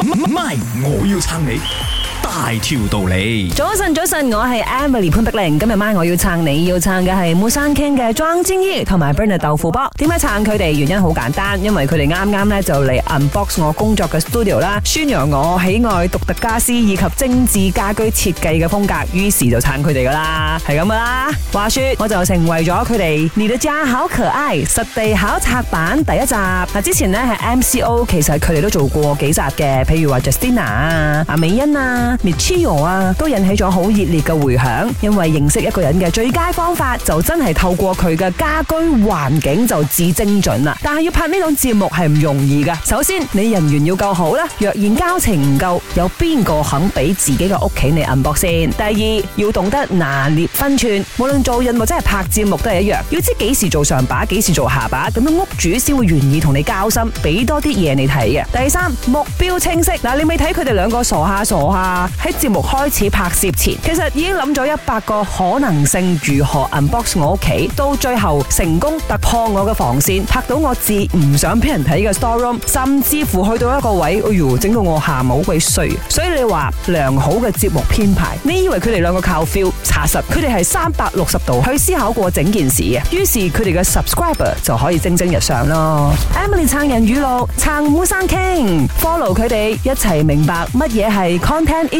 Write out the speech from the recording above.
唔係，我要撐你。大條道理，早晨早晨，我係 Emily 潘德玲。今日晚我要撐，你要撐嘅係 Musang King 嘅莊靖毅同埋 Bernard 豆腐波。點解撐佢哋？原因好簡單，因為佢哋啱啱咧就嚟 unbox 我工作嘅 studio 啦，宣揚我喜愛獨特家私以及精緻家居設計嘅風格，於是就撐佢哋噶啦，係咁噶啦。話說，我就成為咗佢哋你嘅家好可愛實地考察版第一集。嗱，之前咧係 MCO，其實佢哋都做過幾集嘅，譬如話 Justina 啊，阿美欣啊。Michio 啊，都引起咗好熱烈嘅回響。因為認識一個人嘅最佳方法，就真係透過佢嘅家居環境就至精準啦。但係要拍呢檔節目係唔容易嘅。首先，你人緣要夠好啦。若然交情唔夠，有邊個肯俾自己嘅屋企你暗博先？第二，要懂得拿捏分寸。無論做人或者係拍節目都係一樣，要知幾時做上把，幾時做下把，咁樣屋主先會願意同你交心，俾多啲嘢你睇嘅。第三，目標清晰。嗱，你咪睇佢哋兩個傻下傻下？喺節目開始拍攝前，其實已經諗咗一百個可能性，如何 unbox 我屋企，到最後成功突破我嘅防線，拍到我至唔想俾人睇嘅 store room，甚至乎去到一個位，哎呦，整到我下冇鬼衰。所以你話良好嘅節目編排，你以為佢哋兩個靠 feel 查實，佢哋係三百六十度去思考過整件事嘅，於是佢哋嘅 subscriber 就可以蒸蒸日上咯。Emily 撐人語錄，撐 Musang King，follow 佢哋一齊明白乜嘢係 content。